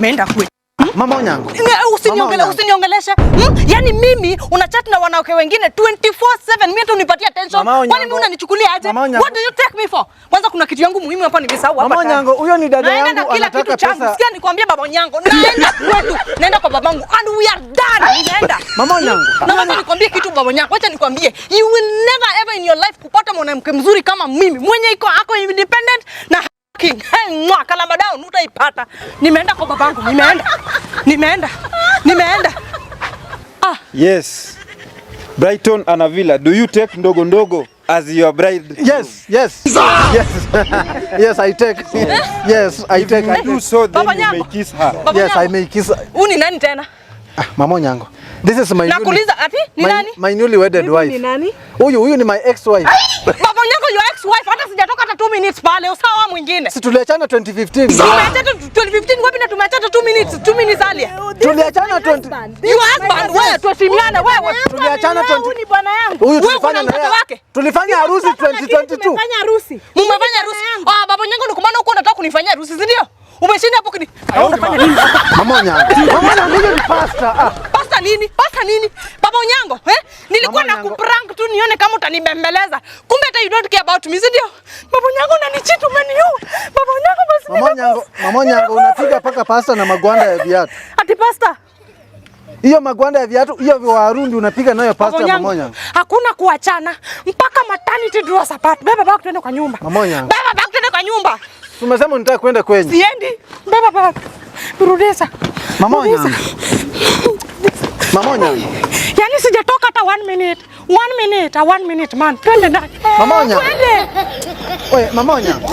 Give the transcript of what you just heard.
Meenda kwe hmm? Mama wanyangu. Eh, usiniongele, usiniongeleshe. Hmm? Yaani mimi una chat na wanawake wengine 24/7. Mimi hata unipatie attention. Kwani mimi unanichukulia aje? What do you take me for? Kwanza kuna kitu yangu muhimu hapa nilisahau hapa. Mama Onyango, huyo ni dada yangu anataka pesa. Kila kitu changu. Sikia nikwambie baba Onyango, Naenda kwetu. Naenda kwa babangu and we are done. Naenda. Mama Onyango. Hmm? Na wacha nikwambie kitu baba Onyango. Wacha nikwambie. You will never ever in your life kupata mwanamke mzuri kama mimi. Mwenye iko ako independent na king. Hey, mwa kalamba down utaipata. Nimeenda kwa babangu, nimeenda. Nimeenda. Nimeenda. Ah. Yes. Brighton ana villa. Do you take ndogo ndogo as your bride? Yes, yes. Yes. Yes, I take. Yes, yes I take. You do so then you may kiss her. Baba yes, I may kiss her. Uni nani tena? Ah, mama nyango. This is my Nakuuliza ati ni nani? My, my newly wedded wife. Ni nani? Huyu huyu ni my ex wife. Baba nyango your ex wife hata pale, usawa mwingine. Si tuliachana 2015. Tumeachana 2015 wapi na tumeachana 2 minutes, 2 minutes alia. Oh, tuliachana 20. Your husband wewe tuheshimiane wewe. Tuliachana 20. Huyu ni bwana yangu. Huyu tulifanya na yeye. Tulifanya harusi 2022. Tumefanya harusi. Mmefanya harusi. Ah, baba nyangu ndio kwa maana uko unataka kunifanyia harusi, si ndio? Umeshinda hapo kini. Unafanya nini? Mama nyangu. Mama nyangu ni pasta. Ah. Pasta nini? Pasta nini? Baba nyangu, eh? nilikuwa na kuprank tu nione kama utanibembeleza, kumbe hata you don't care about me, si Mama nyango unanichiti, umeniua mama nyango. Basi mama nyango, mama nyango unapiga paka pasta na magwanda ya viatu. Ati pasta hiyo magwanda ya viatu hiyo vya Warundi unapiga nayo pasta ya mamonya. Hakuna kuachana mpaka maternity draw sapatu. Beba baba tuende kwa nyumba. Mamonya. Beba baba tuende kwa nyumba. Tumesema nitaka kwenda kwenye. Siendi. Beba baba. Rudesa. Mamonya. Mamonya. Sijatoka hata one minute. One minute, a one minute man. Twende ndani. Mamonya. Twende. Mamonya.